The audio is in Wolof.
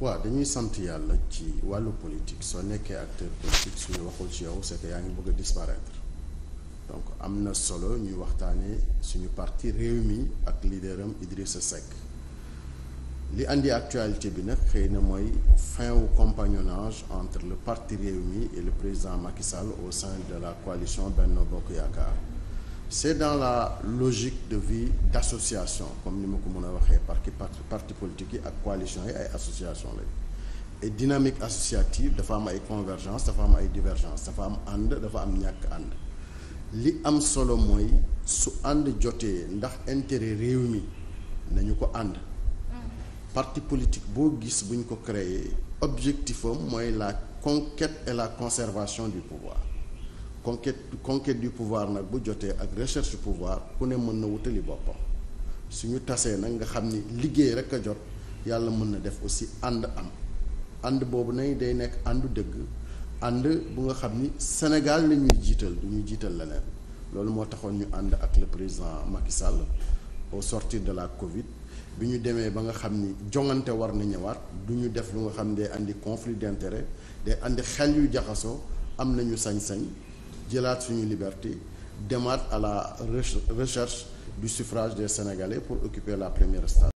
waaw dañuy sant yàlla ci wàllu politique soo nekkee acteur politique suñu waxul ci yow c'est yaa ngi bëgg a disparaître donc am na solo ñuy waxtaanee suñu parti réew mi ak lideram leaderam Idrissa Seck li andi actualité bi nag xëy na mooy fin wu compagnonnage entre le parti réew Rewmi et le président Macky Sall au sein de la coalition Benno Bokk Yaakaar c'est dans la logique de vie d'association comme ni ma ko mën a waxee parti parti politique yi ak coalition yi ay association lañ et dynamique associative dafa am ay convergence dafa am ay divergence dafa am ànd dafa am ñàkk ànd li am solo mooy su ànd jotee ndax intérêt réew mi nañu ko ànd parti politique boo gis buñ ko créer objectif am mooy la conquête et la conservation du pouvoir conquête conquête du pouvoir nag bu jotee ak recherche pouvoir ku ne mën na wutali boppam suñu tasee nag nga xam ni liggéey rek a jot yàlla mën na def aussi ànd am ànd boobu nañ day nekk àndu dëgg ànd bu nga xam ni Sénégal la ñuy jiital du jiital leneen loolu moo taxoon ñu ànd ak le président Macky sàll au sortir de la Covid bi ñu demee ba nga xam ni jongante war na ñëwaat du ñu def lu nga xam ne day andi conflit d'intérêt day àndi xel yu jaxasoo am nañu sañ-sañ. jëlaat suñu liberté demaat à la recherche du suffrage des Sénégalais pour occuper la première station